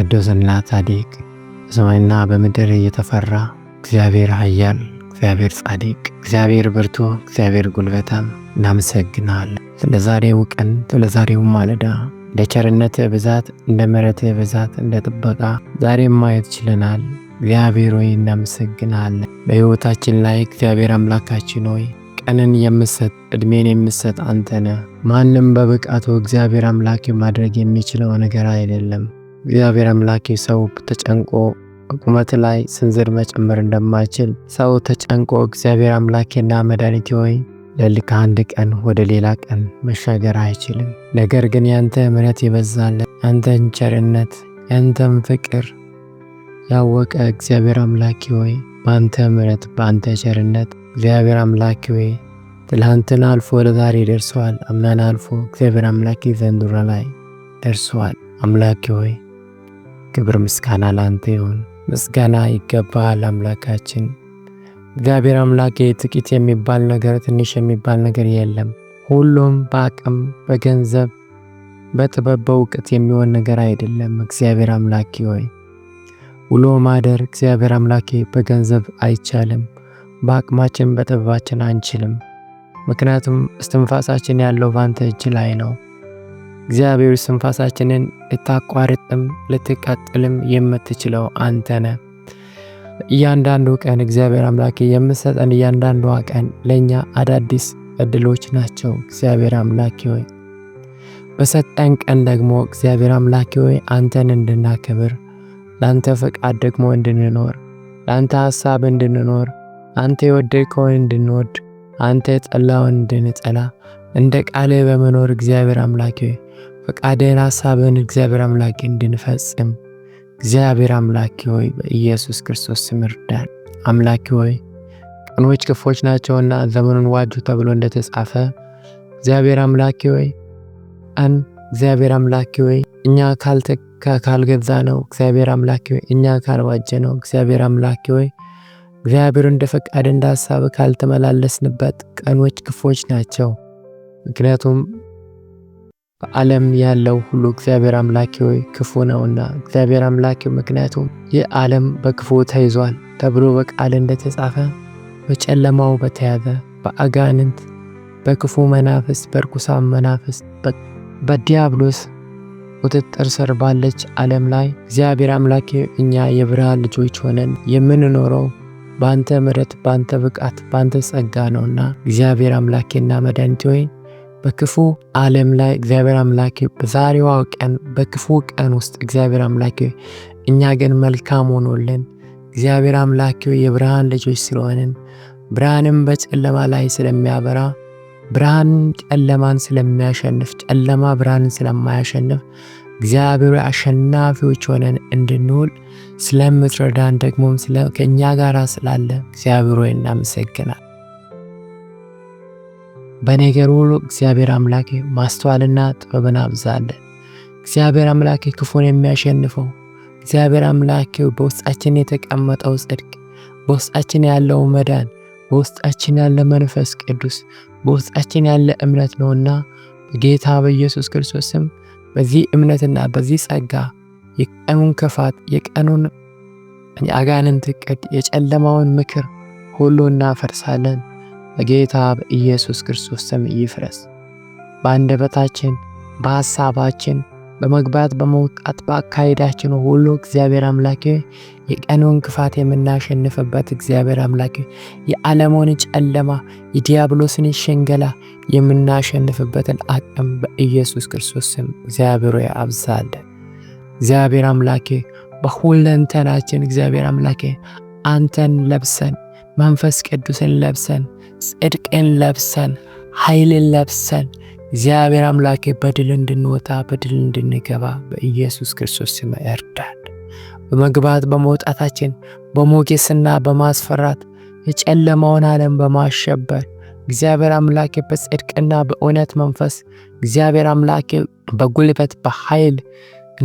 ቅዱስና ጻድቅ በሰማይና በምድር እየተፈራ እግዚአብሔር ኃያል፣ እግዚአብሔር ጻድቅ፣ እግዚአብሔር ብርቱ፣ እግዚአብሔር ጉልበታም እናመሰግናለን። ስለ ዛሬው ቀን ስለ ዛሬው ማለዳ እንደ ቸርነት ብዛት እንደ ምሕረት ብዛት እንደ ጥበቃ ዛሬም ማየት ችለናል። እግዚአብሔር ሆይ እናመሰግናለን። በሕይወታችን ላይ እግዚአብሔር አምላካችን ሆይ ቀንን የምሰጥ ዕድሜን የምሰጥ አንተነ ማንም በብቃቱ እግዚአብሔር አምላክ ማድረግ የሚችለው ነገር አይደለም። እግዚአብሔር አምላኬ ሰው ተጨንቆ ቁመት ላይ ስንዝር መጨመር እንደማይችል ሰው ተጨንቆ እግዚአብሔር አምላኬና መድኃኒቴ ሆይ ለል አንድ ቀን ወደ ሌላ ቀን መሻገር አይችልም። ነገር ግን ያንተ ምሕረት ይበዛል ያንተን ቸርነት፣ ያንተን ፍቅር ያወቀ እግዚአብሔር አምላኬ ሆይ በአንተ ምሕረት በአንተ ቸርነት እግዚአብሔር አምላኬ ሆይ ትላንትን አልፎ ለዛሬ ደርሰዋል። አምናን አልፎ እግዚአብሔር አምላኬ ዘንድሮ ላይ ደርሰዋል። አምላኪ ሆይ ክብር ምስጋና ላንተ ይሁን። ምስጋና ይገባል አምላካችን እግዚአብሔር አምላክ ጥቂት የሚባል ነገር ትንሽ የሚባል ነገር የለም። ሁሉም በአቅም በገንዘብ በጥበብ በእውቀት የሚሆን ነገር አይደለም። እግዚአብሔር አምላኬ ሆይ ውሎ ማደር እግዚአብሔር አምላኬ በገንዘብ አይቻልም። በአቅማችን በጥበባችን አንችልም። ምክንያቱም እስትንፋሳችን ያለው ባንተ እጅ ላይ ነው። እግዚአብሔር ስንፋሳችንን ልታቋርጥም ልትቀጥልም የምትችለው አንተነ እያንዳንዱ ቀን እግዚአብሔር አምላክ የምሰጠን እያንዳንዷ ቀን ለእኛ አዳዲስ እድሎች ናቸው። እግዚአብሔር አምላኬ ሆይ በሰጠን ቀን ደግሞ እግዚአብሔር አምላኬ ሆይ አንተን እንድናከብር ለአንተ ፈቃድ ደግሞ እንድንኖር ለአንተ ሀሳብ እንድንኖር አንተ የወደድከውን እንድንወድ አንተ የጠላውን እንድንጠላ እንደ ቃልህ በመኖር እግዚአብሔር አምላኬ ፈቃድህን፣ ሐሳብህን እግዚአብሔር አምላኬ እንድንፈጽም እግዚአብሔር አምላኬ ሆይ በኢየሱስ ክርስቶስ ስም እርዳን። አምላኬ ሆይ ቀኖች ክፎች ናቸውና ዘመኑን ዋጁ ተብሎ እንደተጻፈ እግዚአብሔር አምላኬ ሆይ አን እግዚአብሔር አምላኬ ሆይ እኛ ካልተ ካልገዛ ነው እግዚአብሔር አምላኬ ሆይ እኛ ካልዋጀ ነው እግዚአብሔር አምላኬ ሆይ እግዚአብሔር እንደ ፈቃድ እንደ ሐሳብ ካልተመላለስንበት ቀኖች ክፎች ናቸው። ምክንያቱም በዓለም ያለው ሁሉ እግዚአብሔር አምላኬ ሆይ ክፉ ነውና፣ እግዚአብሔር አምላኬ ምክንያቱም ይህ ዓለም በክፉ ተይዟል ተብሎ በቃል እንደተጻፈ በጨለማው በተያዘ በአጋንንት በክፉ መናፍስ በርኩሳን መናፍስ በዲያብሎስ ቁጥጥር ስር ባለች ዓለም ላይ እግዚአብሔር አምላኬ እኛ የብርሃን ልጆች ሆነን የምንኖረው በአንተ ምረት፣ በአንተ ብቃት፣ በአንተ ጸጋ ነውና እግዚአብሔር አምላኬና መድኃኒቴ ሆይ በክፉ ዓለም ላይ እግዚአብሔር አምላክ በዛሬዋ ቀን በክፉ ቀን ውስጥ እግዚአብሔር አምላክ እኛ ግን መልካም ሆኖልን እግዚአብሔር አምላክ የብርሃን ልጆች ስለሆንን ብርሃንም በጨለማ ላይ ስለሚያበራ ብርሃን ጨለማን ስለሚያሸንፍ ጨለማ ብርሃንን ስለማያሸንፍ እግዚአብሔር አሸናፊዎች ሆነን እንድንውል ስለምትረዳን ደግሞም ከእኛ ጋር ስላለ እግዚአብሔር እናመሰግናል። በነገር ሁሉ እግዚአብሔር አምላኬ ማስተዋልና ጥበብን አብዛለን። እግዚአብሔር አምላኬ ክፉን የሚያሸንፈው እግዚአብሔር አምላኬ በውስጣችን የተቀመጠው ጽድቅ፣ በውስጣችን ያለው መዳን፣ በውስጣችን ያለ መንፈስ ቅዱስ፣ በውስጣችን ያለ እምነት ነውና በጌታ በኢየሱስ ክርስቶስም በዚህ እምነትና በዚህ ጸጋ የቀኑን ክፋት፣ የቀኑን የአጋንንት ዕቅድ፣ የጨለማውን ምክር ሁሉ እናፈርሳለን። በጌታ በኢየሱስ ክርስቶስ ስም ይፍረስ። በአንደበታችን፣ በሐሳባችን፣ በመግባት በመውጣት፣ በአካሄዳችን ሁሉ እግዚአብሔር አምላኬ የቀኑን ክፋት የምናሸንፍበት እግዚአብሔር አምላኬ የዓለሙን ጨለማ የዲያብሎስን ሽንገላ የምናሸንፍበትን አቅም በኢየሱስ ክርስቶስ ስም እግዚአብሔር ያብዛለን። እግዚአብሔር አምላኬ በሁለንተናችን እግዚአብሔር አምላኬ አንተን ለብሰን መንፈስ ቅዱስን ለብሰን ጽድቅን ለብሰን ኃይልን ለብሰን እግዚአብሔር አምላኬ በድል እንድንወጣ በድል እንድንገባ በኢየሱስ ክርስቶስ ስም እርዳን። በመግባት በመውጣታችን በሞገስና በማስፈራት የጨለማውን ዓለም በማሸበር እግዚአብሔር አምላኬ በጽድቅና በእውነት መንፈስ እግዚአብሔር አምላኬ በጉልበት በኃይል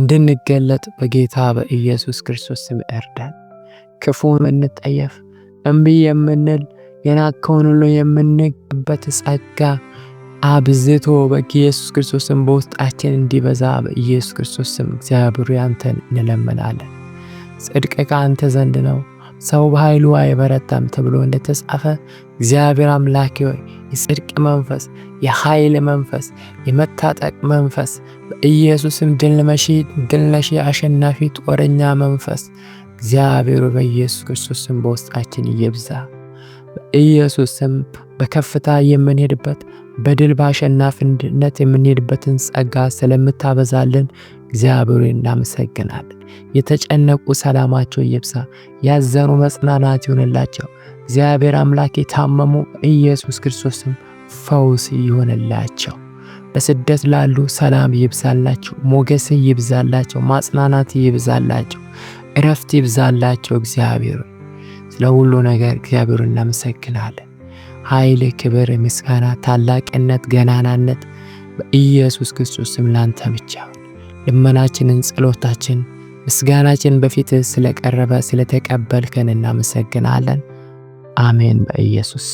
እንድንገለጥ በጌታ በኢየሱስ ክርስቶስ ስም እርዳን። ክፉን እንጠየፍ እምቢ የምንል የናከውን ሁሉ የምንግበት ጸጋ አብዝቶ በኢየሱስ ክርስቶስ በውስጣችን እንዲበዛ በኢየሱስ ክርስቶስ ስም እግዚአብሔር ያንተን እንለምናለን። ጽድቅ ከአንተ ዘንድ ነው፣ ሰው በኃይሉ አይበረታም ተብሎ እንደተጻፈ እግዚአብሔር አምላኬ ሆይ የጽድቅ መንፈስ፣ የኃይል መንፈስ፣ የመታጠቅ መንፈስ በኢየሱስም ድል መሺ ድል ነሺ አሸናፊ ጦረኛ መንፈስ እግዚአብሔር በኢየሱስ ክርስቶስ ስም በውስጣችን ይብዛ። በኢየሱስ ስም በከፍታ የምንሄድበት በድል በአሸናፊነት የምንሄድበትን ጸጋ ስለምታበዛልን እግዚአብሔር እናመሰግናለን። የተጨነቁ ሰላማቸው ይብዛ፣ ያዘኑ መጽናናት ይሆንላቸው። እግዚአብሔር አምላክ የታመሙ ኢየሱስ ክርስቶስም ፈውስ ይሆንላቸው። በስደት ላሉ ሰላም ይብዛላቸው፣ ሞገስ ይብዛላቸው፣ ማጽናናት ይብዛላቸው። እረፍት ይብዛላቸው። እግዚአብሔር ስለ ሁሉ ነገር እግዚአብሔር እናመሰግናለን። ኃይል፣ ክብር፣ ምስጋና፣ ታላቅነት፣ ገናናነት በኢየሱስ ክርስቶስ ስም ላንተ ብቻ። ልመናችንን፣ ጸሎታችን፣ ምስጋናችን በፊት ስለቀረበ ስለተቀበልከን እናመሰግናለን። አሜን በኢየሱስ